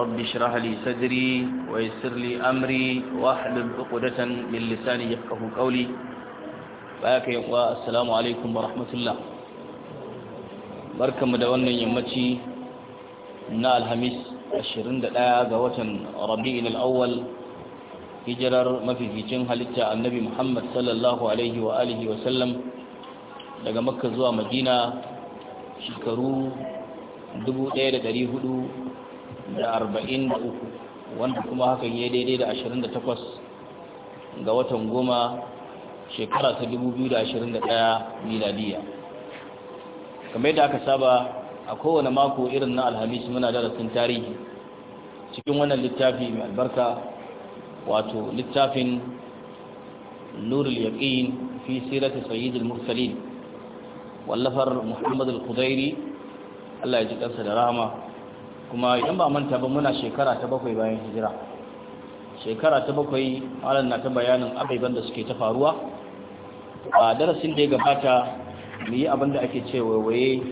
رب اشرح لي صدري ويسر لي أمري واحلل عقدة من لساني يفقه قولي باكي والسلام عليكم ورحمة الله barkanmu da wannan yammaci na alhamis 21 ga watan rabi'in al'awwal hijirar mafificin halitta annabi muhammad sallallahu alaihi wa alihi wa sallam daga makka zuwa madina shekaru 1400 da arba'in da uku wanda kuma hakan ya daidai da ashirin da takwas ga watan goma shekara ta dubu biyu da ashirin da ɗaya miladiya kamar yadda aka saba a kowane mako irin na alhamis muna darasin tarihi cikin wannan littafi mai albarka wato littafin nurul yaqin fi sirati sayyidil mursalin wallafar muhammad al-khudairi Allah ya ji kansa da rahama kuma idan ba manta ba muna shekara ta bakwai bayan hijira shekara ta bakwai malam na ta bayanin abubuwan da suke ta faruwa a darasin da ya gabata mu yi abin da ake ce waiwaye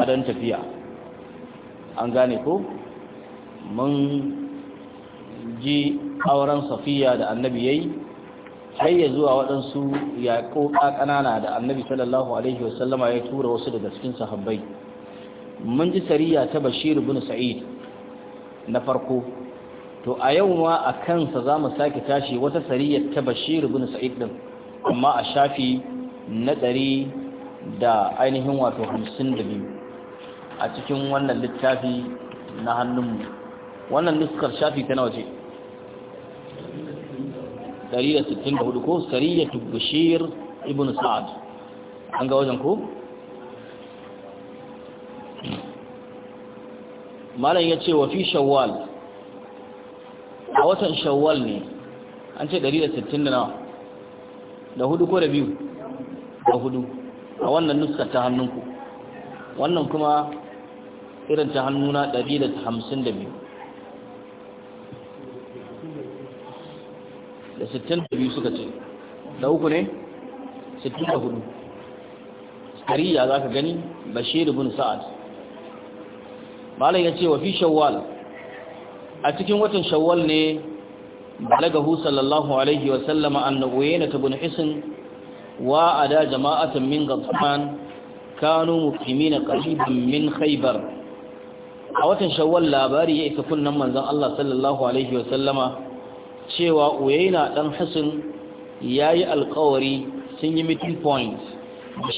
a tafiya an gane ko mun ji auren safiya da annabi ya yi Sai ya zuwa waɗansu yaƙo ƙanana da annabi sallallahu alaihi wasallama ya tura wasu daga cikin sahabbai mun ji sariya ta bashir bin sa'id na farko to a yau ma a kansa za mu sake tashi wata sariyar ta bashir bin sa'id din amma a shafi na ɗari da ainihin wato hamsin da biyu a cikin wannan littafi na hannunmu wannan nuskar shafi ta nawa ce da da sittin hudu ko sariyatu bashir ibn sa'ad an ga wajen ko malam ya ce wa fi shawwal a watan shawwal ne an ce 169 da nawa da hudu ko da biyu da hudu a wannan nuska ta hannunku wannan kuma irin ta hannuna 152 da 62 suka ce da uku ne 64 hariya za ka gani bashir bin sa'ad malam ya ce wa fi shawwal a cikin watan shawwal ne balagahu sallallahu alaihi wa sallama annahu yana tabun hisin wa ada jama'atan min ghadban kanu muqimina qariban min khaybar a watan shawwal labari ya isa kunnan manzon Allah sallallahu alaihi wa sallama cewa uyaina dan ya yayi alkawari sun yi meeting point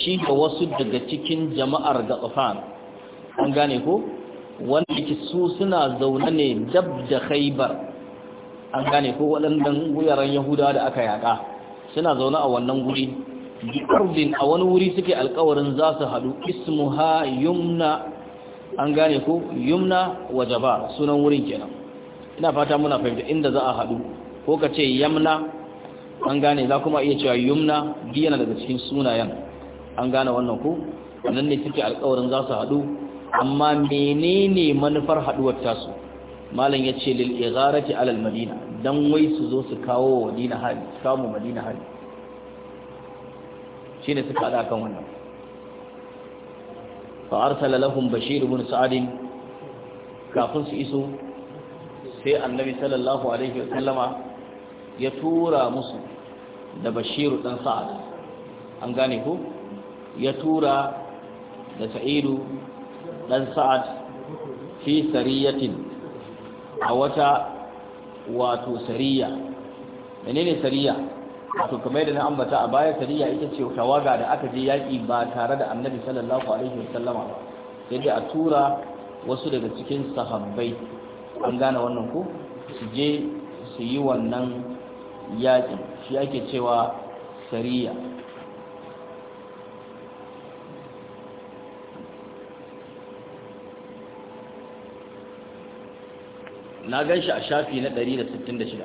shi wasu daga cikin jama'ar ghadban an gane ko wanda ke su suna zaune ne dab da khaibar an gane ko waɗannan guyaran yahudawa da aka yaƙa suna zaune a wannan guri bi'ardin a wani wuri suke alƙawarin za su haɗu ismuha yumna an gane ko yumna wa jaba sunan wurin kenan ina fata muna fahimta inda za a haɗu ko ka ce yamna an gane za kuma iya cewa yumna biyana daga cikin sunayen an gane wannan ku nan ne suke alƙawarin za su haɗu amma menene manufar haduwar tasu malam ya ce lil igharati alal madina dan wai su zo su kawo madina hali samu madina hali shine suka hada kan wannan fa arsala lahum bashir ibn sa'd kafin su iso sai annabi sallallahu alaihi wasallama ya tura musu da bashir dan sa'd an gane ko ya tura da sa'idu dan sa'ad fi sariyatin a wata wato sariya menene sariya wato kamar da na ambata a baya sariya ita ce tawaga da aka je yaki ba tare da annabi sallallahu alaihi wasallama ba sai dai a tura wasu daga cikin sahabbai an gane wannan ko su je su yi wannan yaki shi ake cewa sariya na gan shi a shafi na 166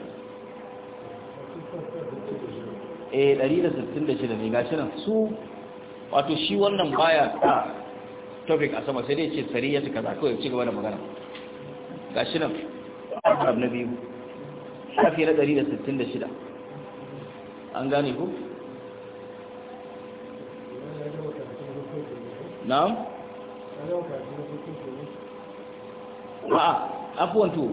eh 166 ne gashi nan su wato shi wannan baya ta topic a sama sai dai ce sariya ta kaza kawai ci gaba da magana gashi nan abu na shafi na 166 an gane ku? na'am? a'a afuwan to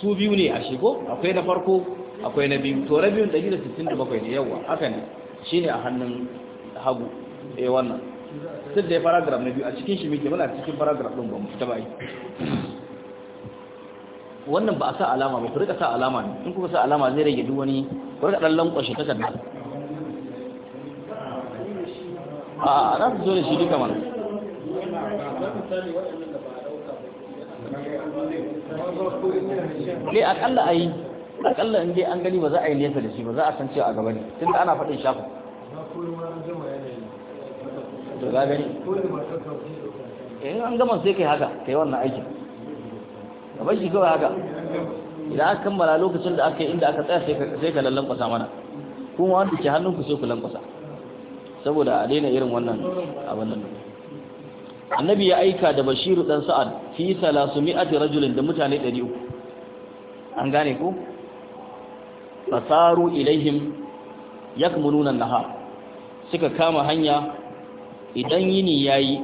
su biyu ne a shigo akwai na farko akwai na biyu to na da 167 ne yawa haka ne shi ne a hannun hagu a eh, wannan sun da ya paragraf na biyu a cikin shi muke muna cikin paragraf ɗin ba mu fita bai. yi wannan ba a sa alama ba ku rika sa alama ne in kuka sa alama zai rage duk wani ku rika ɗan lankwashe takarda a za su zo da shi duka mana a kalla a yi akalla in je an gani ba za a yi nesa da shi ba za a san cewa a gaba ne tun ana faɗin shafin to ga gani in eh, an gama sai kai haka kai wannan aikin ka bar shi kawai haka idan aka kammala lokacin da aka yi inda aka tsaya sai ka lallankwasa mana kuma wanda ke hannunku sai ku lankwasa saboda a daina irin wannan abin nan annabi ya aika da bashiru dan sa'ad fi 300 rajulin da mutane 300 an gane ku fasaru ilaihim yakmununa nahar suka kama hanya idan yini yayi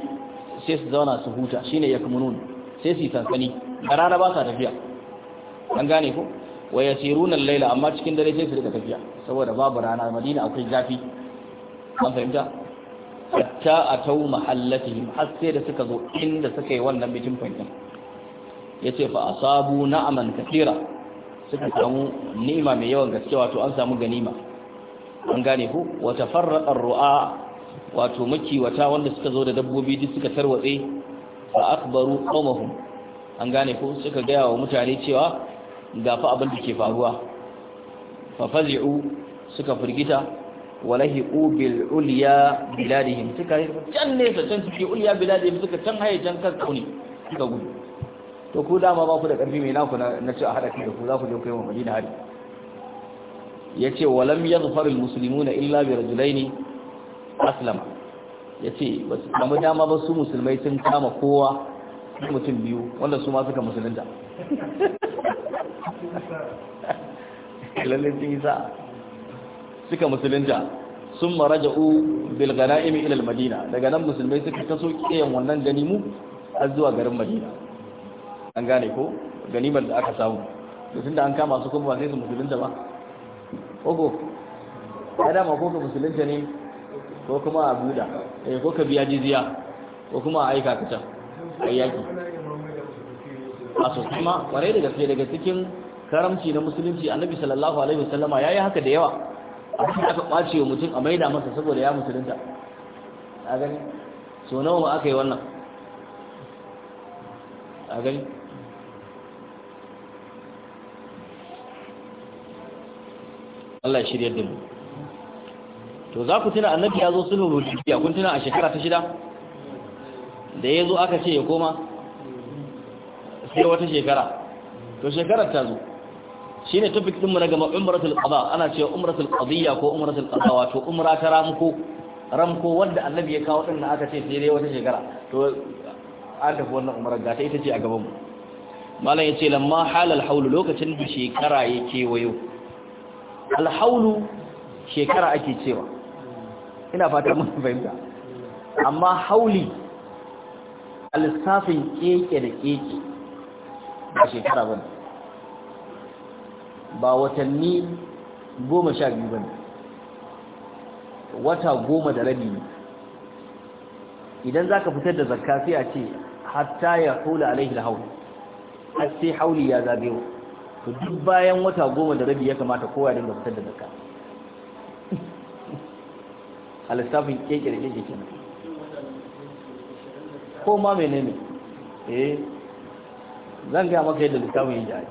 sai su zauna su huta shine yakmunun sai su sansani da rana ba sa tafiya an gane ku wayasiruna al-laila amma cikin dare sai su rika tafiya saboda babu rana madina akwai zafi an fahimta hatta tau mahallatihim har sai da suka zo inda suka yi wannan mijin fankin yace fa asabu na'aman kathira suka samu ni'ima mai yawan gaske wato an samu ganima an gane ku wata farraƙa ru'a wato makiwata wanda suka zo da dabbobi duk suka tarwatse fa akbaru qaumahum an gane ku suka gaya wa mutane cewa ga fa abin da ke faruwa fa fazi'u suka firgita walahiqu bil ulya biladihim suka can nesa ta can suke ulya biladihim suka can haye can kan kauni suka gudu to ku dama ba ku da karfi mai naku na ci a haɗa kai da ku za ku je kai yi wa madina hari ce walam yadhfar al muslimuna illa bi rajulaini aslama ce ba su dama ba su musulmai sun kama kowa mutum biyu wanda su ma suka musulunta lalle sun yi sa'a suka musulunta sun u bilgana imi ilal madina daga nan musulmai suka taso kiyan wannan ganimu har zuwa garin madina an gane ko ganimar da aka samu to tunda an kama su kuma sai su musulunta ba ogo ya dama ko ka musulunta ne ko kuma a buda ya eh, ko ka biya jiziya, ko kuma a aika ka can a yaki a sosai ma kwarai da gaske daga cikin karamci na musulunci annabi sallallahu alaihi wasallama yi haka da yawa abin da aka kwace wa mutum a maida masa saboda ya musulunta a gani so nawa ma aka yi wannan a gani Allah ya shirya da mu to za ku tuna annabi ya zo sulhu rubiya kun tuna a shekara ta shida da ya zo aka ce ya koma sai wata shekara to shekarar ta zo shi ne tafi mu na gama umratul qada ana cewa umratul qadiyya ko umratul qada wato umra ta ramko ramko wanda annabi ya kawo din aka ce sai dai wata shekara to an tafi wannan umrar ga ta ita ce a gaban mu malam yace lamma halal haulu lokacin da shekara ya kewayo al haulu shekara ake cewa ina fata mun fahimta amma hauli al-safin keke da keke ba shekara bane ba watanni goma sha biyu ba wata goma da rabi ne idan za ka fitar da zakka sai a ce hatta ya hula alaihi haul har sai hauli ya wa, to duk bayan wata goma da rabi ya kamata kowa ya dinga fitar da zakka alistafin kekere ne da keke ko ma menene eh zan ga maka yadda lissafin yin jari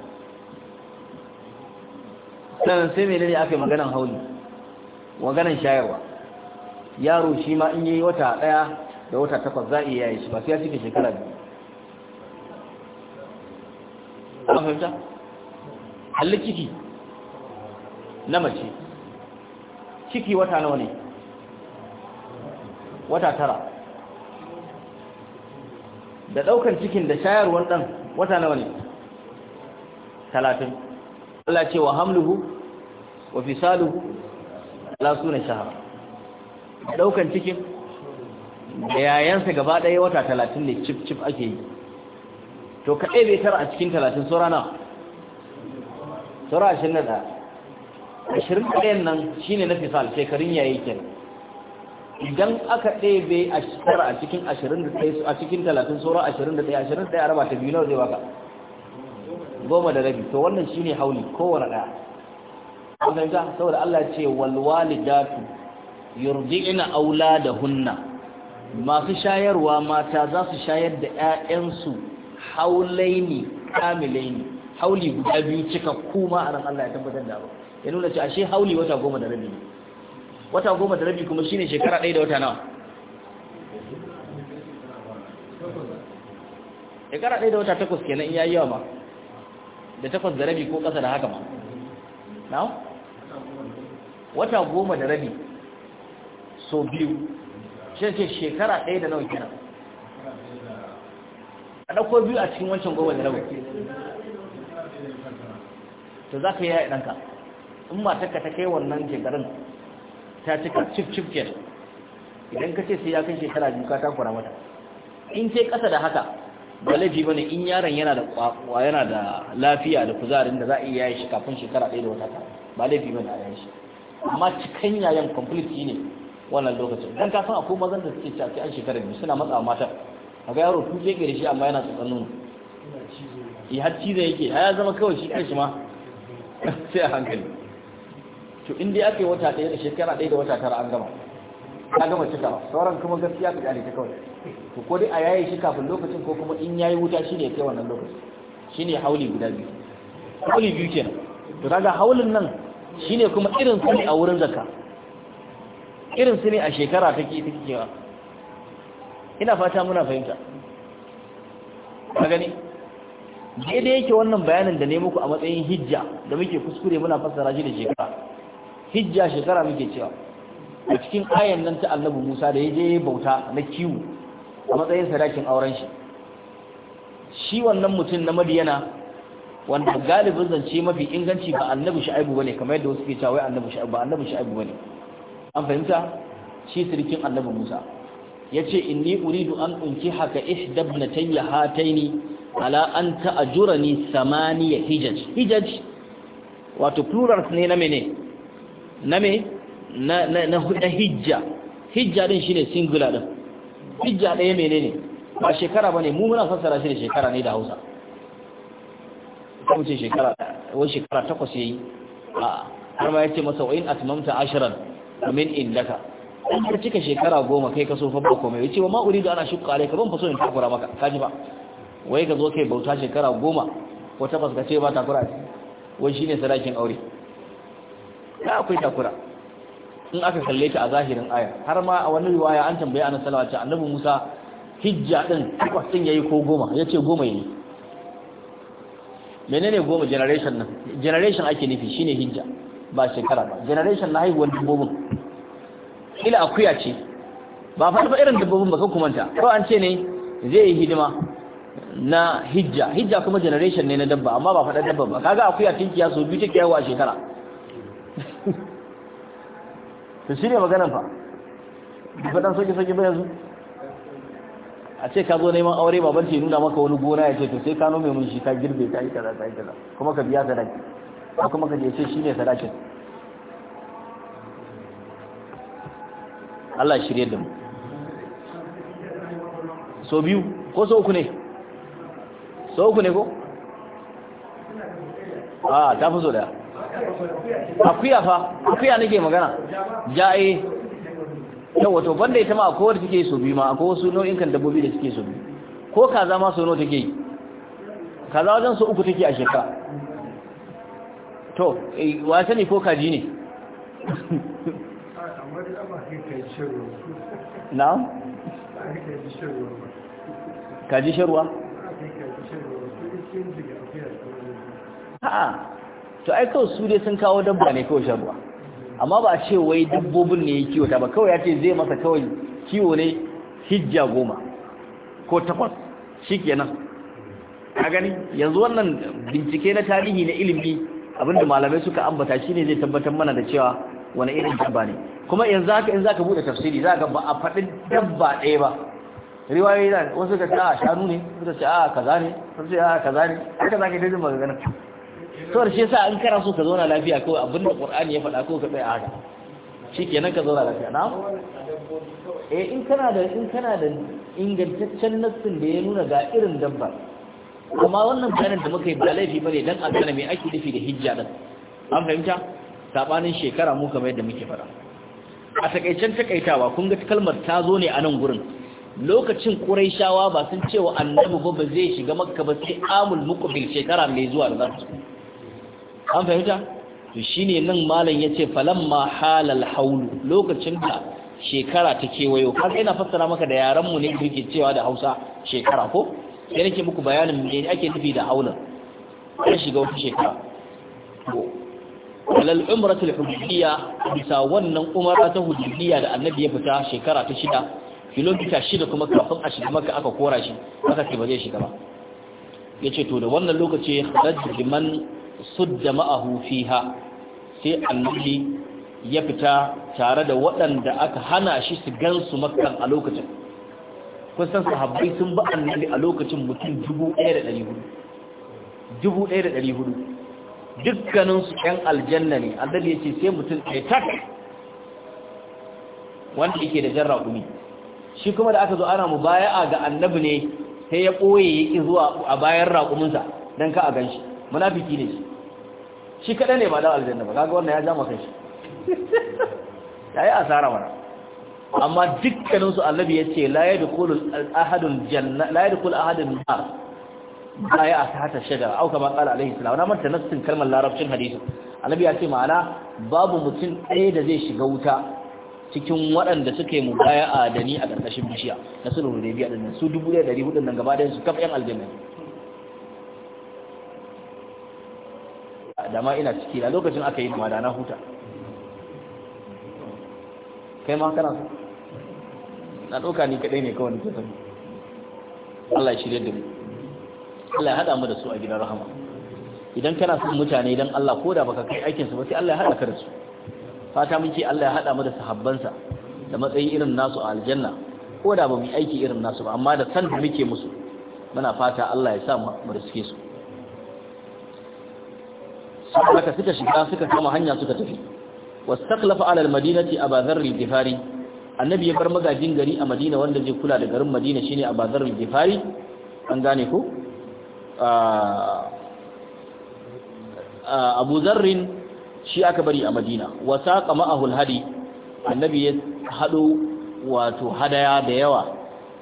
sannan sai mai ne aka yi maganan hauli maganan shayarwa yaro shi ma in yi wata ɗaya da wata takwas za a iya yi shi ba sai ya cike shekara biyu a fahimta halli ciki na mace ciki wata nawa ne wata tara da ɗaukan cikin da shayarwar ɗan wata nawa ne talatin Allah ce wa hamluhu wa fisaluhu la suna shahar daukan cikin da yayansa gaba ɗaya wata talatin ne chip chip ake yi to kaɗai bai tara a cikin talatin saura na saura ashirin da ashirin nan shine na fisal shekarun yayi kenan idan aka ɗebe a tara a cikin a cikin talatin saura ashirin da ɗaya araba ta biyu nawa zai baka goma da rabi to wannan shine hauli kowane ɗaya wannan ga saboda Allah ya ce wal walidatu yurdi'na auladahunna masu shayarwa mata za su shayar da su haulaini kamilaini hauli guda biyu cika kuma a nan Allah ya tabbatar da ba. ya nuna ce ashe hauli wata goma da rabi wata goma da rabi kuma shine shekara ɗaya da wata nawa shekara ɗaya da wata takwas kenan iya yawa ma da takwas da rabi ko ƙasa da haka ma na wata goma da rabi so biyu shirke shekara ɗaya da nawa kenan a ɗauko biyu a cikin wancan goma da rabi to za ka yi yaɗa ɗanka in matarka ta kai wannan shekarun ta cika cif cif kenan idan ka ce sai ya kan shekara biyu ka takura mata in ce ƙasa da haka ba laifi bane in yaron yana da kwakwa yana da lafiya da kuzarin da za a iya shi kafin shekara ɗaya da wata tara ba laifi bane a yayin shi amma cikan yayan complete ne wannan lokacin don ka san akwai mazan da suke cewa an shekara biyu suna matsawa a ga yaro tun ke da shi amma yana tsakan nono yi eh, har cizo yake ya zama kawai shi kanshi ma sai a hankali to inda ya kai wata ɗaya da shekara ɗaya da wata tara an gama ta gama cikawa sauran kuma gaskiya ka ƙyale ta kawai to ko dai a yaye shi kafin lokacin ko kuma in yayi wuta shi ne kai wannan lokacin. Shi ne hauli guda biyu hauli biyu kenan to kaga haulin nan shi ne kuma irin su ne a wurin zaka irin su ne a shekara ta take cewa. ina fata muna fahimta ka gani daidai yake wannan bayanin da ne muku a matsayin hijja da muke kuskure muna fassara shi da shekara hijja shekara muke cewa a cikin ayan nan ta annabi Musa da ya je bauta na kiwo a matsayin sadakin auren shi shi wannan mutum na madiyana wanda galibin zance mafi inganci ba annabi shu'aibu bane kamar yadda wasu ke cewa annabi shu'aibu ba annabi shu'aibu bane an fahimta shi sirkin annabi Musa yace inni uridu an unki haka ihdabnatayya hataini ala an ta'jurani samaniya hijaj hijaj wato plural ne na mene na me na na hijja hijja din shine singular din hijja ɗaya menene ba shekara bane mu muna fassara shi da shekara ne da hausa ce shekara wani shekara takwas ya yi a har ma ya ce masa wa'in atmamta ashran min indaka an ka cika shekara goma kai ka so fa ba komai yace wa ma uridu ana shukka alayka ban faso in takura maka kaji ba wai ka zo kai bauta shekara goma ko takwas ka ce ba takura wai shine sadakin aure ka akwai takura in aka kalle ta a zahirin aya har ma a wani riwaya an tambaye annabi sallallahu alaihi annabi Musa hijja din kwatsin yayi ko goma yace goma yayi menene goma generation nan generation ake nufi shine hijja ba shekara ba generation na haihuwar dubobin ila akuya ce ba fa irin dubobin ba kan kumanta ko an ce ne zai yi hidima na hijja hijja kuma generation ne na dabba amma ba faɗa dabba ba kaga akuya tinkiya so biyu take yawa a shekara to shi ne maganan fa faɗan soke-soke ba su a ce ka zo neman aure baban ce nuna maka wani gona ya ce to sai ka nome mun shi ka girbe ka yi kaza ta yi kaza kuma ka biya sadaki ko kuma ka je ce shi ne sadakin Allah shirye da mu so biyu ko so uku ne so uku ne ko a ah, ta fi so daya akuya fa akuya nake magana ja'e eh. yawa to banda ita ma akwai wanda take so bi ma akwai wasu nau'in kan dabbobi da suke so bi. ko kaza ma so nawa take yi kaza wajen so uku take a shekara to eh, wa sani ko kaji ne Na? kaji sharwa a'a to ai kawai su dai sun kawo dabba ne kawai sharuwa amma ba a ce wai dabbobin ne ya kiwata ba kawai ya ce zai masa kawai kiwo ne hijja goma ko takwas shi kenan a gani yanzu wannan bincike na tarihi na ilimi abinda malamai suka ambata shine zai tabbatar mana da cewa wani irin dabba ne kuma yanzu haka in za ka bude tafsiri za zaka ba a faɗi dabba ɗaya ba riwayoyi na wasu ka ce a ah, shanu ne wasu ka ce a ah, kaza ne wasu ka ce a ah, kaza ne haka ka yi dajin magana kawai shi yasa an kara so ka zauna lafiya kawai abinda qur'ani ya faɗa ko ka tsaya haka shikenan ka zauna lafiya na eh in kana da in kana da ingantaccen nassin da ya nuna ga irin dabba amma wannan bayanin da muka yi ba laifi bane dan a gane me ake nufi da hijja din an fahimta sabanin shekara mu kamar yadda muke fara a takaicen takaitawa kun ga kalmar ta zo ne a nan gurin lokacin Qurayshawa ba sun cewa annabi ba zai shiga Makka ba sai amul muqbil shekara mai zuwa da za su an fahimta to shine nan malam yace falamma halal haulu lokacin da shekara ta kewayo har ina fassara maka da yaran mu ne kike cewa da Hausa shekara ko sai nake muku bayanin me ake nufi da haula sai shiga wata shekara to alal umratul hudiyya bisa wannan umara ta hudiyya da annabi ya fita shekara ta shida kilomita shida kuma kafin a shiga maka aka kora shi aka ce ba zai shiga ba yace to da wannan lokaci rajul man sudda ma'ahu fiha sai annabi ya fita tare da waɗanda aka hana shi su gansu makkan a lokacin kusan sahabbai sun ba annabi a lokacin mutum 1400 dukkaninsu ‘yan aljanna ne annabi ya ce sai mutum tak wanda yake da jan raƙumi shi kuma da aka zo ana mu mubaya'a ga annabi ne sai ya ɓoye ya ƙi zuwa a bayan raƙuminsa don ka a gan shi munafiki ne shi shi kada ne ba da aljanna ba kaga wannan ya ja maka shi yayi asara wannan amma dukkanin su annabi yace la yadkhulul ahadun janna la yadkhul ahadun nar ba ya asata shajara au kama qala alaihi salam na manta nassin kalmar larabcin hadisi annabi yace ce ma'ana babu mutum ɗaya da zai shiga wuta cikin waɗanda suka yi mubaya'a da ni a ƙarƙashin bishiya na sulhul rabiya din su 1400 nan gaba da su kafin yan aljanna da ma ina ciki na lokacin aka yi ma da na huta kai ma kana na ɗauka ni kaɗai ne kawai ni tafi Allah ya shirya da mu Allah ya haɗa mu da su a gidan rahama idan kana son mutane idan Allah ko da baka kai aikin su ba sai Allah ya haɗa ka da su fata muke Allah ya haɗa mu da sahabbansa da matsayin irin nasu a aljanna ko da ba mu aiki irin nasu ba amma da san da muke musu muna fata Allah ya sa mu da suke su haka suka shiga suka kama hanya suka tafi wastaqlafa ala almadinati abadhar al-ghifari annabi ya bar magajin gari a madina wanda zai kula da garin madina shine abadhar al-ghifari an gane ku? Ah, ah, abu zarrin shi aka bari a madina wa saqa ma'ahu al annabi ya hado wato hadaya da yawa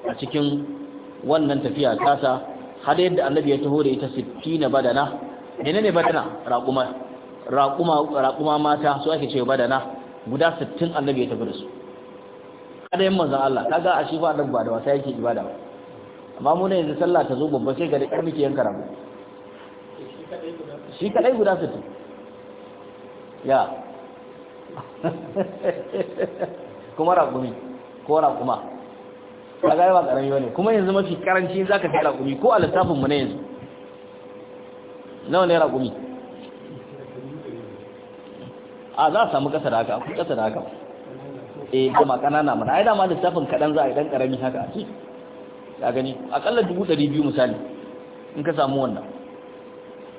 a cikin wannan tafiya tasa hadayar da annabi ya taho da ita 60 badana ne batana raƙuma raƙuma mata su ake cewa badana guda 60 annabi ya tafi da su kada yin manzon Allah kaga a shi ba annabi ba da wasa yake ibada ba amma mu ne yanzu sallah ta zo babba sai ga da muke yanka rago shi kadai guda 60 ya kuma raƙumi ko raƙuma kaga yawa karami ne kuma yanzu mafi karanci zaka fi raƙumi ko a littafin mu ne yanzu nawa naira kumi? a za a samu ƙasa da haka akwai ƙasa da haka eh kuma ƙanana mana ai dama lissafin kaɗan za a yi ɗan ƙarami haka a ce Ya gani aƙalla dubu ɗari biyu misali in ka samu wannan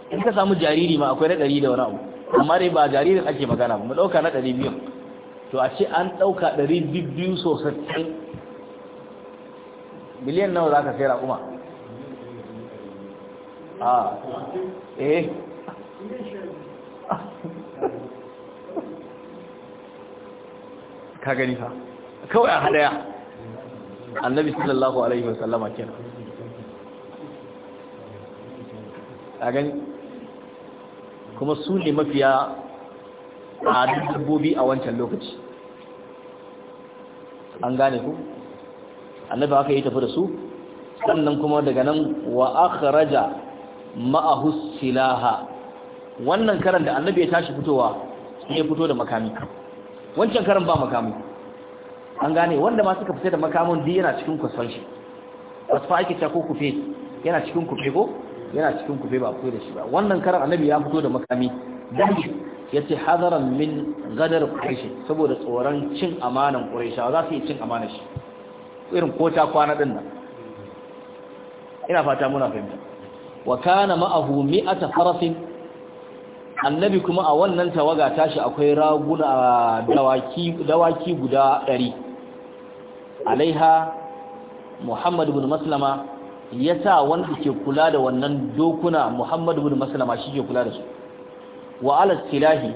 in ka samu jariri ma akwai na ɗari da wani abu amma dai ba jaririn ake magana ba mu ɗauka na ɗari biyu to a ce an ɗauka ɗari biyu sosai miliyan nawa za ka sai kuma? Ah. Eh. ka gani fa kawai a hadaya annabi sallallahu alaihi wasallama kenan a gani kuma su ne mafiya a dabbobi a wancan lokaci an gane ku annabi aka yi tafi da su sannan kuma daga nan wa akhraja ma'ahu silaha wannan karan da annabi ya tashi fitowa sai ya fito da makami wancan karan ba makami an gane wanda ma suka fita da makamin din yana cikin kusan shi wasfa ake ta ko kufe yana cikin kufe ko yana cikin kufe ba kufe da shi ba wannan karan annabi ya fito da makami dahi ya ce hadaran min gadar ƙarshe saboda tsoron cin amanan ƙuraishawa za su yi cin amanan shi irin ko ta kwana din nan ina fata muna fahimta wa kana ma'ahu mi'ata farasin, annabi kuma a wannan tawaga tashi akwai raguna dawaki dawaki guda 100 alaiha Muhammad ibn Maslama yasa wanda ke kula da wannan dokuna Muhammad ibn Maslama shi ke kula da su wa ala silahi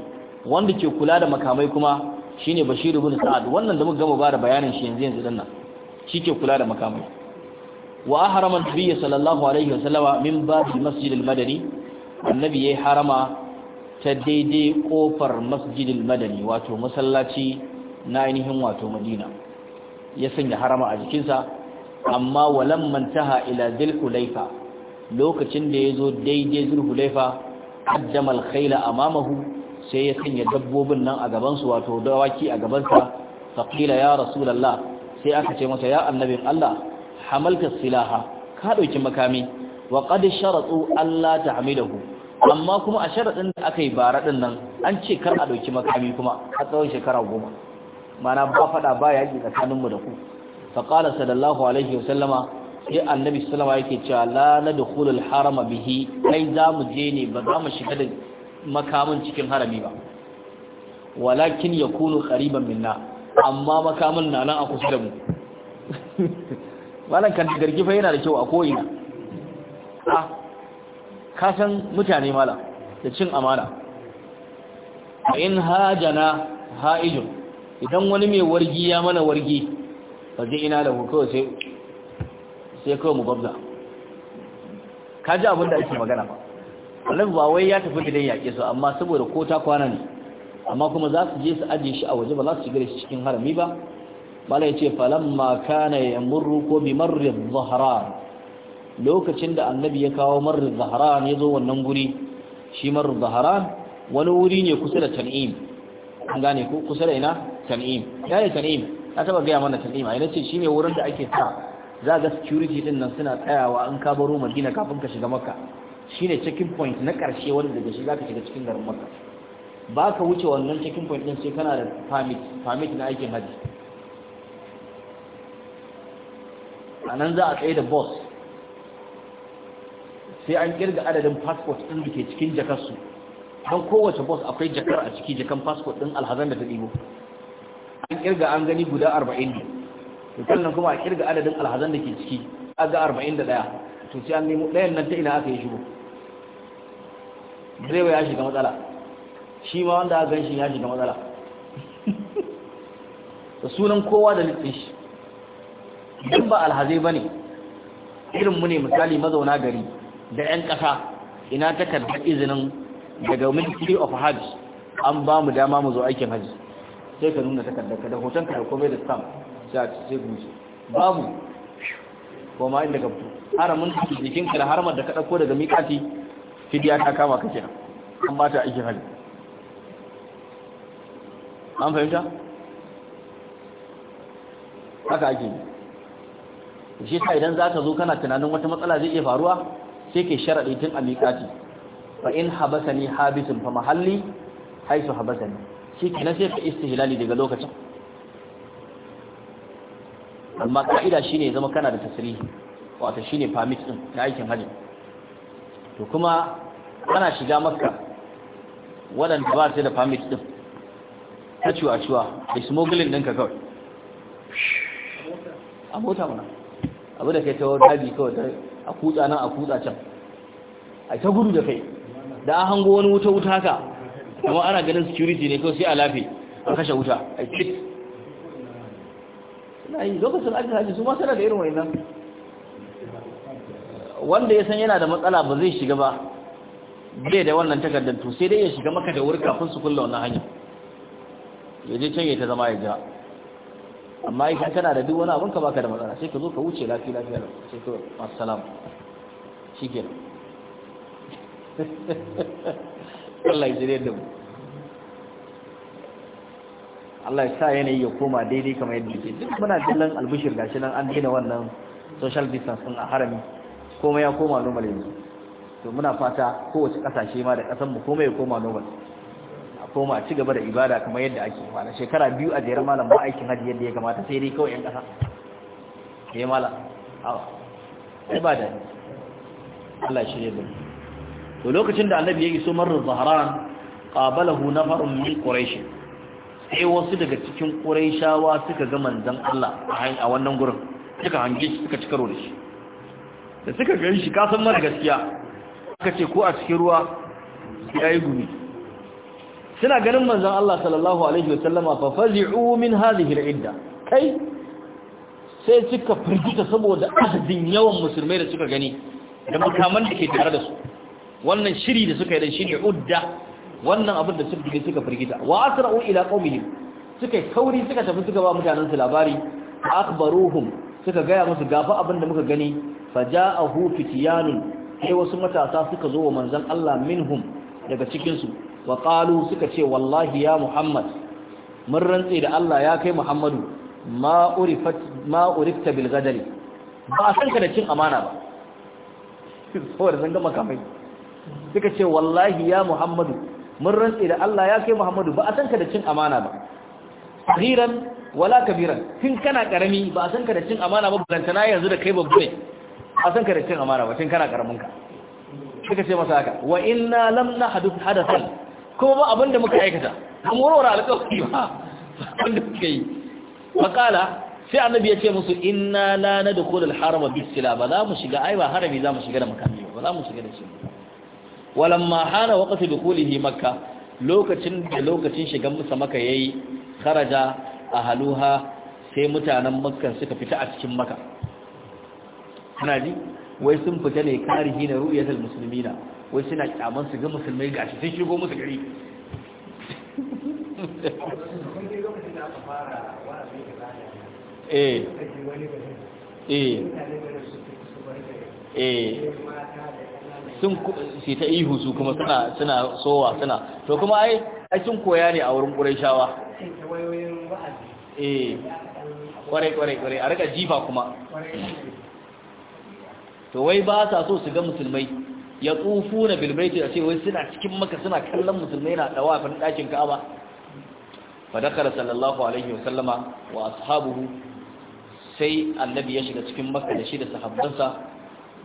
wanda ke kula da makamai kuma shine Bashir ibn Sa'ad wannan da muka gama ba da bayanin shi yanzu yanzu dinnan shi ke kula da makamai wa harama nabiyyi sallallahu alaihi wasallama min babi masjid madani annabi yayi harama ta daidai kofar masjidin madani wato masallaci na ainihin wato madina ya sanya harama a jikinsa amma walamman taha ila dhulhulaifa lokacin da yazo daidai dhulhulaifa qaddama al-khayla amamahu sai ya sanya dabbobin nan a gaban su wato dawaki a gaban sa faqila ya rasulullah sai aka ce masa ya annabin Allah hamalta silaha ka dauki makami wa qad sharatu alla ta'milahu amma kuma a sharadin da aka yi bara din nan an ce kar a dauki makami kuma a tsawon shekara goma mana ba fada ba yaki tsakanin mu da ku fa qala sallallahu alaihi wa sallama sai annabi sallama yake cewa la nadkhulu al-harama bihi kai za mu je ne ba za mu shiga da makamin cikin harami ba walakin yakunu qariban minna amma makamin na nan a kusa da mu malam kan gargi fa yana da kyau a ko'ina a ah, kasan mutane malam da cin amana in hajana ha'ijun idan wani mai wargi ya mana wargi ba zai ina da kawai sai sai kawai mu babza ka ji abin da ake magana ba Wani ba wai ya tafi gidan yaƙe su amma saboda ko ta kwana ne amma kuma za su je su ajiye shi a waje ba za su shiga shi cikin harami ba malai ce falamma kana yamurru ko bi marri dhahran lokacin da annabi ya kawo marri ya zo wannan guri shi marri dhahran wani wuri ne kusa da tan'im an gane ku kusa da ina tan'im ya ne tan'im ta taba gaya mana tan'im ai nace shine wurin da ake sa za ga security din nan suna tsayawa an ka baro Madina kafin ka shiga Makka shine checking point na karshe wanda daga shi zaka shiga cikin garin Makka ba ka wuce wannan checking point din sai kana da permit permit na aikin hajji. a nan za a tsaye da bus sai an kirga adadin passport ɗin da ke cikin jakarsu don kowace bus akwai jakar a ciki jakan passport ɗin alhazan da ta ɗigo an kirga an gani guda arba'in ne da sannan kuma a kirga adadin alhazan da ke ciki a ga arba'in da ɗaya to sai an nemo ɗayan nan ta ina aka yi shigo direba ya shiga matsala shi ma wanda aka gan shi ya shiga matsala da sunan kowa da litsin shi idan ba alhazai ba ne irinmu ne misali mazauna gari da 'yan ƙasa ina takardar izinin daga ministry of hajj an ba mu dama mu zo aikin hajji sai ka nuna takardar ka da hoton ka da komai da stamp sai sai ku ba babu ko ma inda ka fito haramin jikin ka da haramar da ka ɗauko daga miƙati fidiya ta kama ka kenan an ba ta aikin hajji an fahimta haka ake yi shi yasa idan zaka zo kana tunanin wata matsala zai iya faruwa sai kai sharadi tun a miƙati fa in habasani habisun fa mahalli haisu habasani shi kenan sai ka istihlali daga lokacin amma ka'ida shine zama kana da tasrihi wato shine permit din na aikin hajji to kuma kana shiga makka waɗanda ba sai da permit din ta ciwa ciwa da smuggling ɗinka kawai a mota mana abu da kai ta daji kawai ta a kutsa nan a kutsa can a ta gudu da kai da an hango wani wuta wuta haka kuma ana ganin security ne kawai sai a lafi a kashe wuta a kit na yi lokacin ajin haji su ma da irin nan. wanda ya san yana da matsala ba zai shiga ba bai da wannan takardar to sai dai ya shiga maka da wuri kafin su kulla wannan hanya ya je can ya ta zama ya ja amma idan kana da duk wani abin ka baka da matsala sai ka zo ka wuce lafiya lafiya sai ka assalamu shikenan Allah ya jire da mu Allah ya sa yanayi ya koma daidai kamar yadda yake duk muna dillan albishir gashi nan an daina wannan social distance din a harami komai ya koma normal yanzu to muna fata kowace kasashe ma da kasan mu komai ya koma normal koma a ci gaba da ibada kamar yadda ake mana shekara biyu a jerin malam ba aikin hajji yadda ya kamata sai dai kawai 'yan ƙasa ya eh, yi malam awa sai ba da Allah shi ne bai to lokacin da annabi ya iso marar zaharan ƙabalahu na farin min ƙuraishi sai wasu daga cikin ƙuraishawa suka ga manzan Allah a wannan gurin suka hange shi suka ci karo da shi da suka gani shi kasan mara gaskiya suka ce ko a cikin ruwa ya yi gumi suna ganin manzon Allah sallallahu alaihi wasallama fa fazi'u min hadhihi al'idda kai sai suka firgita saboda adadin yawan musulmai da suka gani da makaman da ke tare da su wannan shiri da suka yi da shiri udda wannan abin da suka yi suka firgita wa asra'u ila qaumihim suka kauri suka tafi suka ba mutanen su labari akhbaruhum suka gaya musu gafa abin da muka gani faja'ahu fitiyanun sai wasu matasa suka zo wa manzon Allah minhum daga cikin su wa qalu suka ce wallahi ya muhammad mun rantse da Allah ya kai muhammadu ma urifat ma urifta bil gadari ba san ka da cin amana ba saboda zan ga makamai suka ce wallahi ya muhammadu mun rantse da Allah ya kai muhammadu ba a san ka da cin amana ba sahiran wala kabiran tun kana karami ba a san ka da cin amana ba na yanzu da kai babba ne a san ka da cin amana ba tun kana karamin ka suka ce masa haka wa inna lam nahdith hadathan kuma ba abin da muka aikata an warware alƙawari ba wanda muka yi makala sai annabi ya ce musu inna la nadkhul da haram bis bisila ba za mu shiga ai ba harami za mu shiga da makami ba za mu shiga da shi ma hana waqt dukhulihi makka lokacin da lokacin shigan musa makka yayi kharaja ahluha sai mutanen makka suka fita a cikin makka kana ji wai sun fita ne karihi na ru'yatul muslimina wai suna kyaman su ga musulmai gashi sun shigo musu gari eh, eh. eh. sun sai ta ihu su kuma suna sowa suna to kuma ai ai sun koya ne a wurin shawa eh ƙwarai ƙwarai ƙwarai a rika jifa kuma to wai ba sa so su ga musulmai ya tsufu na bilbaiti da wai suna cikin maka suna kallon musulmai na dawafin ɗakin ka'aba fa dakala sallallahu alaihi wa sallama wa ashabuhu sai annabi ya shiga cikin maka da shi da sahabbansa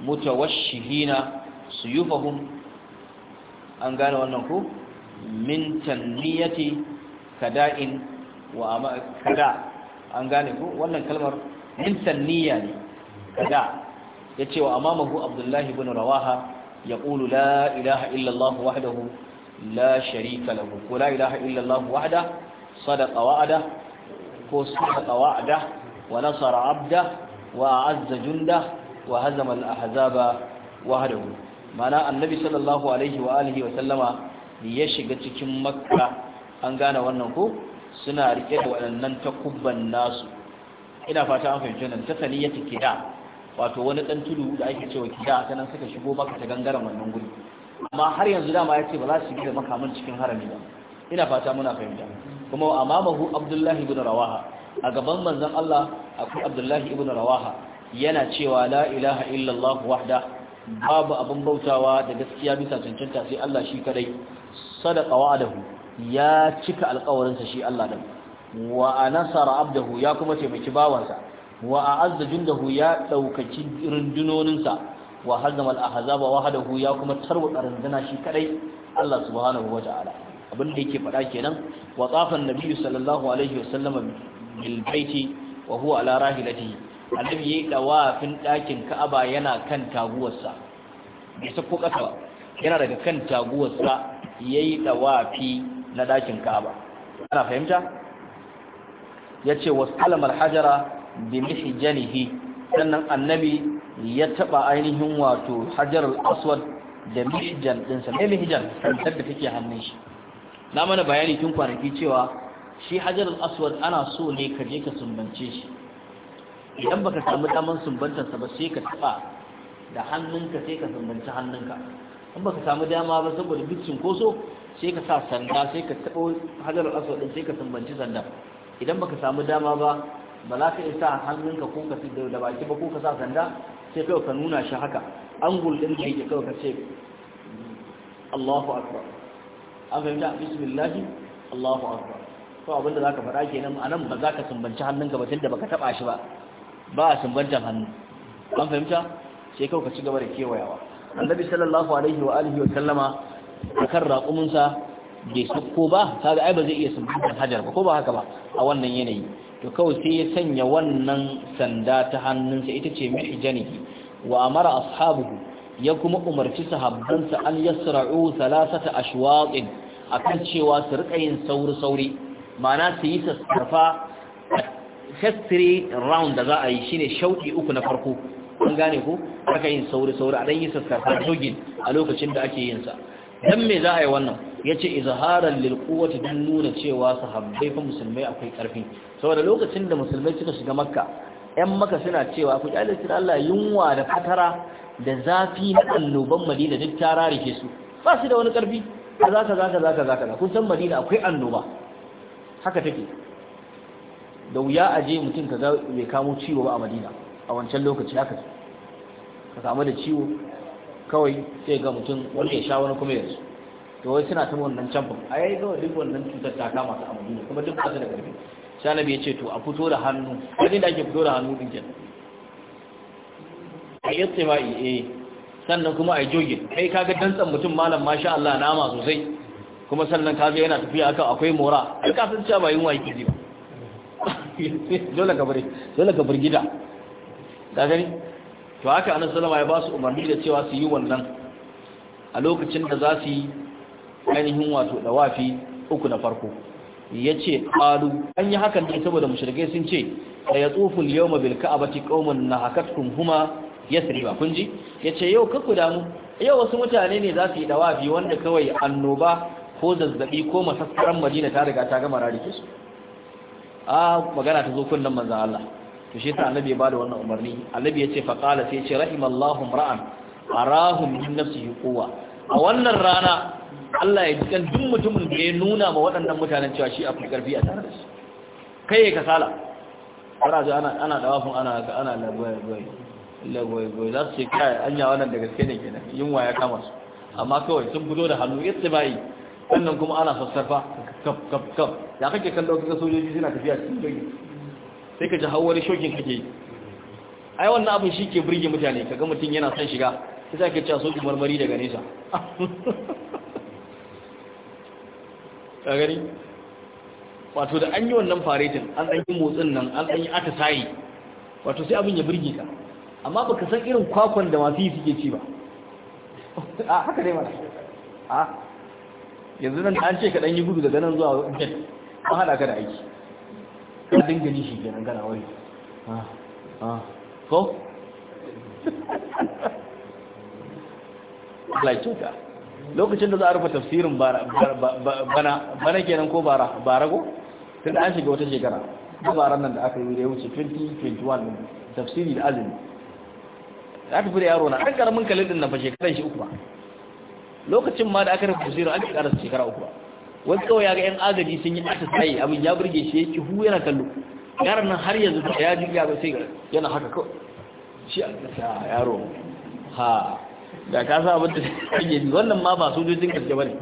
mutawashshihina suyufahum an gane wannan ko min tanmiyati kada'in wa kada an gane ko wannan kalmar min tanniya ne kada yace wa amamahu abdullahi ibn rawaha يقول لا إله إلا الله وحده لا شريك له ولا إله إلا الله وحده صدق وعده صدق وعده ونصر عبده وأعز جنده وهزم الأحزاب وحده معنى النبي صلى الله عليه وآله وسلم يشغل cikin makka an gane wannan ko suna rike da waɗannan takubban nasu ina fata an fahimci nan ta saniyatu kida wato wani dan tudu da ake cewa kida ta nan suka shigo maka ta gangaren wannan guri amma har yanzu dama ya ce ba za su shiga da makaman cikin harami ba ina fata muna fahimta kuma wa amamahu abdullahi ibn rawaha a gaban manzon Allah akwai abdullahi ibn rawaha yana cewa la ilaha illallah wahda babu abin bautawa da gaskiya bisa cancanta sai Allah shi kadai sadaqa wa'adahu ya cika alƙawarinsa shi Allah din wa anasara abdahu ya kuma taimaki bawansa wa a a'azza jundahu ya daukaki rundunoninsa wa hazama al-ahzaba wahdahu ya kuma tarwata runduna shi kadai Allah subhanahu wataala abin da yake faɗa kenan wa tsafa annabi sallallahu alaihi wasallam bil baiti wa huwa ala rahilatihi annabi yayi dawafin dakin Ka'aba yana kan taguwarsa bai sako kasa yana daga kan taguwarsa yayi dawafi na dakin Ka'aba ana fahimta yace wasallama al-hajara bimihjanihi sannan annabi ya taba ainihin wato hajar aswad da mihjan dinsa mai mihjan santar da take hannun shi na mana bayani tun kwanaki cewa shi hajar aswad ana so ne ka je ka sumbance shi idan baka samu daman sumbantarsa ba sai ka taba da hannunka sai ka sumbanci hannunka in baka samu dama ba saboda duk koso sai ka sa sanda sai ka taɓo hajar aswad sai ka sumbanci sanda idan baka samu dama ba ba za ka isa hannunka ko ka fidda da baki ba ko ka sa sanda sai kai ka nuna shi haka angul din da yake kawai ka ce Allahu akbar an fahimta bismillah Allahu akbar to abinda za ka faɗa kenan a nan ba za ka sumbanci hannunka ba tunda baka taɓa shi ba ba a sumbantan hannu an fahimta sai kai ka ci gaba da kewayawa annabi sallallahu alaihi wa alihi wa sallama akan raƙuminsa bai sakko ba kaga ai ba zai iya sumbantan hajar ba ko ba haka ba a wannan yanayi to kawai sai ya sanya wannan sanda ta hannunsa ita ce mihjanihi wa amara ashabuhu ya kuma umarci sahabbansa an yasra'u thalathata ashwaqin akan cewa su rika yin sauri sauri ma'ana su yi sassarfa three round da za a yi shine shauki uku na farko an gane ko aka yin sauri sauri a dan yi sassarfa jogging a lokacin da ake yin sa dan me za a yi wannan yace izharan lil quwwati dan nuna cewa su Habbai fa musulmai akwai karfi saboda lokacin da musulmai suka shiga makka 'yan maka suna cewa ku kyale su Allah yunwa da fatara da zafi na annoban Madina duk ta rarike su ba su da wani ƙarfi. za ka, za ka, za ka, za ka, kun san Madina akwai annoba haka take da wuya a je mutum kaza bai kamo ciwo ba a Madina a wancan lokaci haka ka samu da ciwo kawai sai ga mutum wanda ya sha wani kuma yanzu to wai suna ta wannan canfin a yayi ga duk wannan cutar ta kama ta amadu kuma duk ba su da ƙarfi sai annabi ya ce to a fito da hannu wani da ake fito da hannu din kenan a yi tsibai eh sannan kuma a yi jogin kai kaga dantsan mutum malam masha Allah nama sosai kuma sannan kaga yana tafiya akan akwai mora ai ka san cewa ba yin waki ji ba dole ka bari dole ka bar gida ka gani to haka annabi sallama ya ba su umarni da cewa su yi wannan a lokacin da za su yi ainihin wato da wafi uku na farko yace qalu an yi hakan ne saboda mushrikai sun ce ayatufu a yawma bil ka'bati qauman nahakatkum huma yasriba kun ji yace yau ku damu yau wasu mutane ne za su yi dawafi wanda kawai annoba ko zazzabi ko masassaran madina ta riga ta gama rarike su a ah, magana ta zo kunnan manzon Allah to shi yasa annabi ya bada wannan umarni annabi ya ce fa qala sai ya ce rahimallahu ra'an arahum min nafsihi quwwa a wannan rana Allah ya jikan duk mutumin da ya nuna ma waɗannan mutanen cewa shi akwai karfi a tare da shi kai ya kasala ana ana ana dawafin ana ana lagoyi goyi lagoyi goyi za su ce kai anya wannan da gaske ne kenan yunwa ya kama su amma kawai sun fito da hannu yadda ittibai sannan kuma ana sassarfa kaf kaf kaf ya kake kallo kaga sojoji suna tafiya cikin gari sai ka ji hawar shokin kake yi ai wannan abin shi ke birgin mutane kaga mutum yana son shiga sai sa ke cewa soki marmari daga nesa ƙagari wato da an yi wannan faretin an ɗan yi motsin nan an ɗan yi sayi wato sai abin ya birge ka amma ba ka san irin kwakwan da masu yi suke ci ba a haka dai mana a yanzu nan an ce ka ɗan yi gudu daga nan zuwa jet an haɗa ka da aiki Ah, ah, ko lokacin da za a rufe tafsirin bana kenan ko bara ko tun an shiga wata shekara dubaran nan da aka yi da ya wuce 2021 tafsiri da azumi za ta fi da yaro na an karamin kalidin na fa shekaran shi uku ba lokacin ma da aka rufe tafsirin an ƙara shekara uku ba wani kawai ya ga yan agaji sun yi tsaye abin ya burge shi ya hu yana kallo yaran nan har yanzu ya ji ya ga sai yana haka kawai shi a ƙasa yaro ha da ka sa abin da ta ji wannan ma ba sojojin ba ne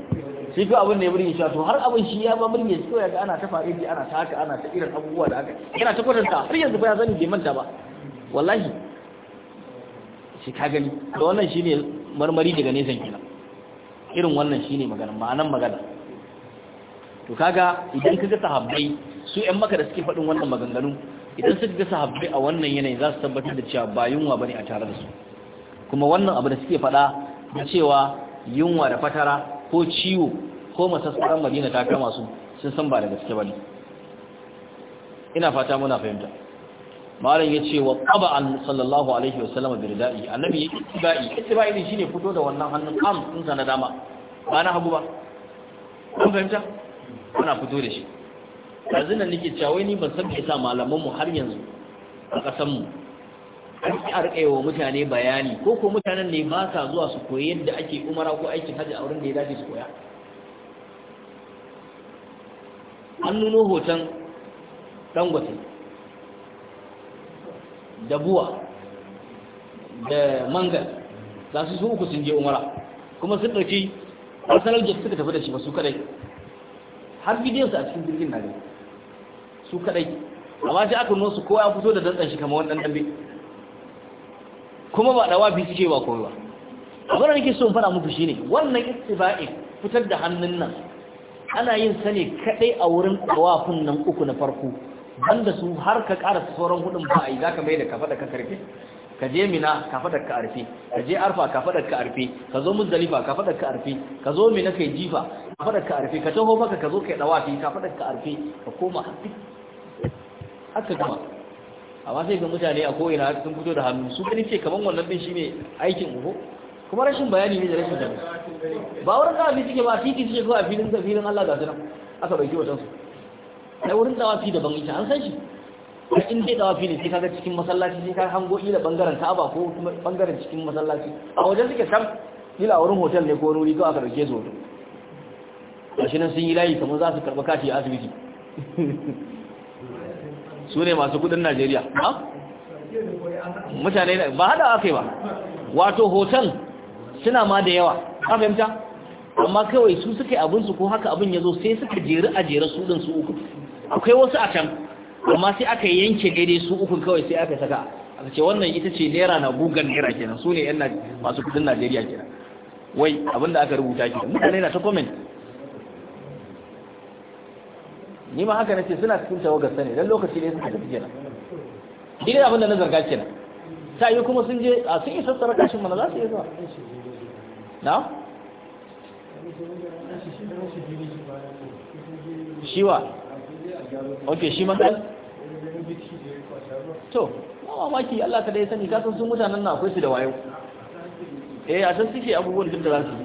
sai ko abin da ya burge shi to har abin shi ya ba burge shi kawai ga ana ta faɗi ji ana ta haka ana ta irin abubuwa da haka yana ta kwatanta har yanzu ba ya sani bai manta ba wallahi shi ka gani da wannan shine marmari daga nesan kina irin wannan shine magana ma'anan magana to kaga idan kaga sahabbai su ƴan maka da suke faɗin wannan maganganu idan suka ga sahabbai a wannan yanayi za su tabbatar da cewa ba yunwa bane a tare da su kuma wannan abu da suke faɗa da cewa yunwa da fatara ko ciwo ko masassaran madina ta kama su sun san ba da gaske bane ina fata muna fahimta malam ya ce wa an sallallahu alaihi wasallam bi ridai annabi yake tibai ba'i ne shine fito da wannan hannun am din sa na dama ba na hagu ba kun fahimta muna fito da shi yanzu nan nake cewa wai ni ban san me yasa malaman mu har yanzu a kasan mu an ki arƙaiwa mutane bayani ko ko mutanen ne ba sa zuwa su koyi yadda ake umara ko aikin haji a wurin da ya dace su koya an nuno hoton dangote da buwa da mangal za su su uku sun je umara kuma sun ɗauki arsenal jet suka tafi da shi ba su kadai har bidiyonsu a cikin jirgin na ne su kadai amma sai aka nosu kowa ya fito da dantsan shi kamar wani ɗanɗanbe kuma ba ɗawa bi suke ba kowa ba da nake so in fara muku ne. wannan istifa'i fitar da hannun nan ana yin sa ne kadai a wurin tawafin nan uku na farko banda su har ka ƙara sauran hudun ba a yi za ka mai da kafa da ka karfe ka je mina ka fadar ka arfe ka je arfa ka fadar ka arfe ka zo muzdalifa ka fadar ka arfe ka zo mina kai jifa ka fadar ka arfe ka taho maka ka zo kai dawafi ka fadar ka arfe ka koma arfe haka kuma amma sai ga mutane a ko'ina sun fito da hannu su gani ce kaman wannan din shine aikin uku kuma rashin bayani ne da rashin sani ba wurin tsawafi suke ba titi cike kawai a filin filin Allah ga Aka bai aka ɗauki watansu sai wurin tsawafi daban ita an san shi in dai dawafi ne sai kaga cikin masallaci sai ka hango ila bangaren Ka'aba ko kuma bangaren cikin masallaci a wajen suke sam ila wurin hotel ne ko wani wuri ko aka dauke su hoto gashi nan sun yi layi kamar za su karɓa kashi a asibiti su ne masu kudin Najeriya mutane ba hada aka yi ba wato hotel suna ma da yawa ka fahimta amma kawai su suke yi abinsu ko haka abin ya zo sai suka jeri a jere su ɗin su uku akwai wasu a can amma sai aka yanke daidai su uku kawai sai aka saka A ce wannan ita ce naira na gugan naira kenan su ne yan masu kudin najeriya kenan wai abinda aka rubuta kenan mutane na ta comment ni ma haka nace suna cikin tawagar sani dan lokaci ne suka tafi kenan ni abinda na zarga kenan sai yi kuma sun je a sun isa tsara kashin mana za su yi zuwa na shiwa ok shi mandal to ba mamaki Allah ka dai sani ka san sun mutanen na akwai su da wayo eh a san suke abubuwan duk da za su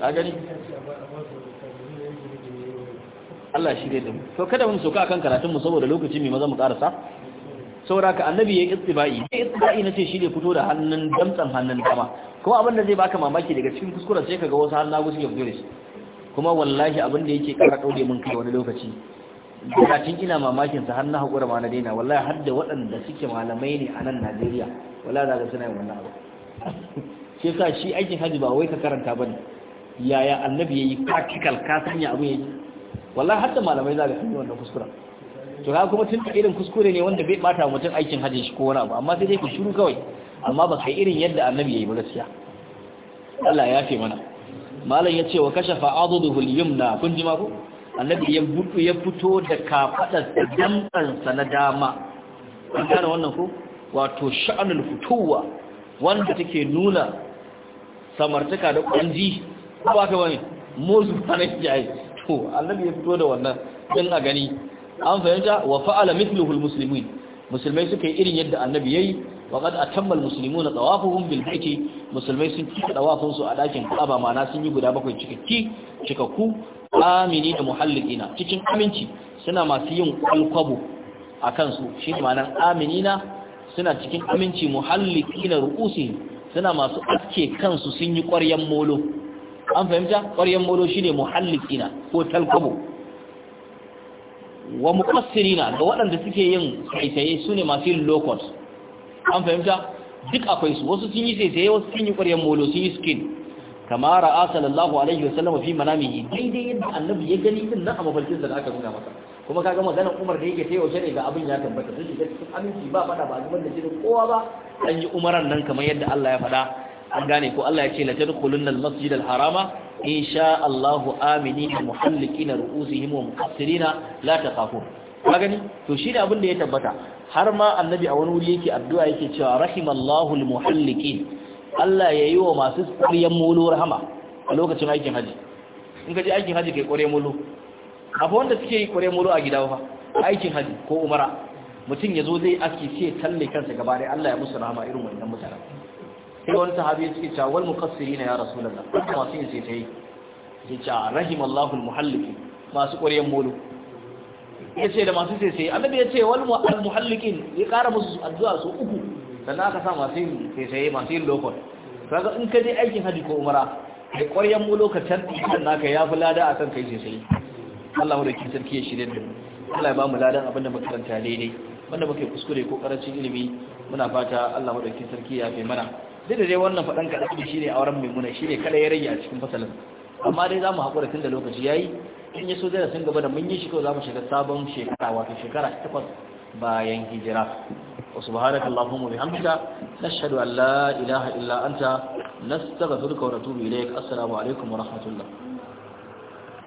ka gani Allah shi dai mu to kada mun soka kan karatun mu saboda lokaci mai maza mu karasa saboda ka annabi yayi istibai yayi istibai nace shi ne fito da hannun damtsan hannun dama kuma abin da zai baka mamaki daga cikin kuskuren sai kaga wasu na gusu ya gure shi kuma wallahi abin da yake kara daure mun kai wani lokaci da tun ina mamakin sa har na haƙura ma na daina wallahi har da waɗanda suke malamai ne a nan Najeriya wallahi za ka suna yin wannan abu shi sa shi aikin haji ba wai ka karanta bane yaya annabi yayi practical ka sanya abu yayi wallahi har da malamai za ka wannan kuskura? to ka kuma tun irin kuskure ne wanda bai bata mutum aikin haji shi ko wani abu amma sai dai ku shiru kawai amma ba kai irin yadda annabi yayi ba gaskiya Allah ya fi mana malam yace wa kashafa aduduhu al-yumna kun ji ma ku annabi ya buɗu ya fito da kafaɗar damtsansa na dama an gane wannan ku wato sha'anul fitowa wanda take nuna samartaka da ƙwanji ko ba ka wani mozu ranar yayi to annabi ya fito da wannan din a gani an fahimta wa fa'ala mithluhul almuslimin musulmai suka yi irin yadda annabi yayi wa qad atamma almuslimuna tawafuhum bil baiti musulmai sun cika tawafun a dakin Ka'aba ma'ana sun yi guda bakwai cikakki cikakku amini da muhallikina cikin aminci suna masu yin kwalkwabo a kansu shi ne ma'anar aminina suna cikin aminci muhallikina rukusi suna masu aske kansu sun yi ƙwaryen molo an fahimta ƙwaryen molo shi ne muhallikina ko talkwabo wa mukassirina ga waɗanda suke yin kaitaye su ne masu yin locals an fahimta duk akwai su wasu sun yi saisaye wasu sun yi ƙwaryen molo sun yi skin kama ra'a sallallahu alaihi wasallam fi manamihi daidai yadda annabi ya gani din nan a mafarkin da aka nuna masa kuma kaga maganar Umar da yake sai yau shari'a ga abin ya tabbata sun shiga cikin aminci ba fada ba zubar da shi kowa ba an yi umaran nan kamar yadda Allah ya faɗa an gane ko Allah ya ce la tadkhulunna al-masjid al-harama insha Allah aminin muhallikina ru'usihim wa muqassirina la takhafun ka to shi ne abin da ya tabbata har ma annabi a wani wuri yake addu'a yake cewa rahimallahu al-muhallikin Allah ya yi wa masu ƙwariyar mulu rahama a lokacin aikin haji in ka je aikin haji kai ƙware mulu abu wanda suke yi ƙware mulu a gida fa aikin haji ko umara mutum ya zo zai aski ce talle kansa gaba da Allah ya musu rahama irin wannan mutane sai wani sahabi ya ce wal muqassirina ya rasulullah kuma masu yin sai ta yi ya ce rahimallahu muhalliki masu ƙwariyar mulu ya ce da masu sai sai annabi ya ce wal muhallikin ya kara musu addu'a su uku sannan aka sa masu yin tesaye masu yin lokot kaga in ka je aikin haji ko umara da ƙwaryen mu lokacin ikan naka ya fi lada a kan kai tesaye Allah da kisar kiyar ya da Allah ba mu ladan abin da muka karanta daidai wanda muke kuskure ko karancin ilimi muna fata Allah da kisar kiyar fi mana duk da dai wannan faɗan kaɗan shi ne auren maimuna shi ne kada ya rage a cikin fasalin amma dai za mu haƙura tun da lokaci ya yi in ya so zai da sun gaba da mun yi shi kawai za mu shiga sabon shekara wato shekara takwas bayan hijira وسبحانك اللهم وبحمدك نشهد أن لا إله إلا أنت نستغفرك ونتوب إليك السلام عليكم ورحمة الله